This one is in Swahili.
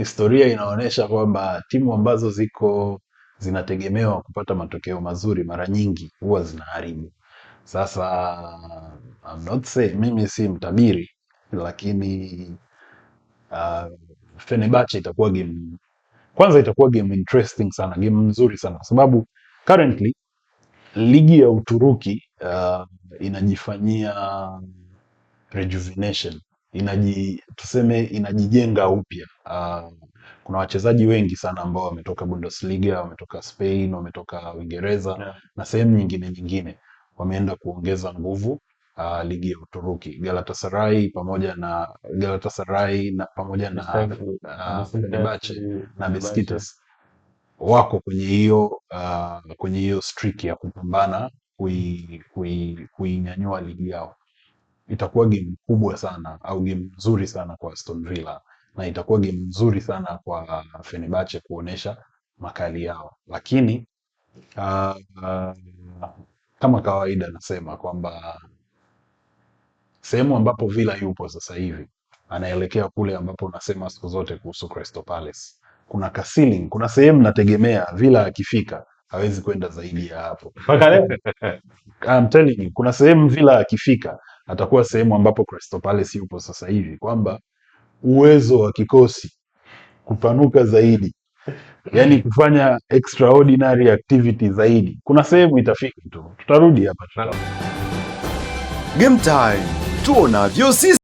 historia inaonyesha kwamba timu ambazo ziko zinategemewa kupata matokeo mazuri mara nyingi huwa zinaharibu. Sasa I'm not say, mimi si mtabiri, lakini uh, Fenerbahce itakuwa game kwanza, itakuwa game interesting sana, game nzuri sana kwa sababu currently ligi ya Uturuki uh, inajifanyia rejuvenation inaji, tuseme inajijenga upya. Uh, kuna wachezaji wengi sana ambao wametoka Bundesliga, wametoka Spain, wametoka Uingereza yeah. na sehemu nyingine nyingine wameenda kuongeza nguvu uh, ligi ya Uturuki. Galatasaray pamoja na Galatasaray na pamoja na ah, Fenerbahce uh, uh, na Besiktas wako kwenye hiyo uh, kwenye hiyo streak ya kupambana kuinyanyua kui, kui ligi yao itakuwa game kubwa sana au game nzuri sana kwa Aston Villa na itakuwa game nzuri sana kwa Fenerbahce kuonesha makali yao, lakini uh, uh, kama kawaida nasema kwamba sehemu ambapo Villa yupo sasa hivi anaelekea kule ambapo unasema siku zote kuhusu Crystal Palace. Kuna ceiling, kuna sehemu nategemea Villa akifika hawezi kwenda zaidi ya hapo. I'm telling you, kuna sehemu Villa akifika atakuwa sehemu ambapo Crystal Palace yupo sasa hivi, kwamba uwezo wa kikosi kupanuka zaidi, yani kufanya extraordinary activity zaidi, kuna sehemu itafika tu, tutarudi hapa. Game time tuonavyo sisi.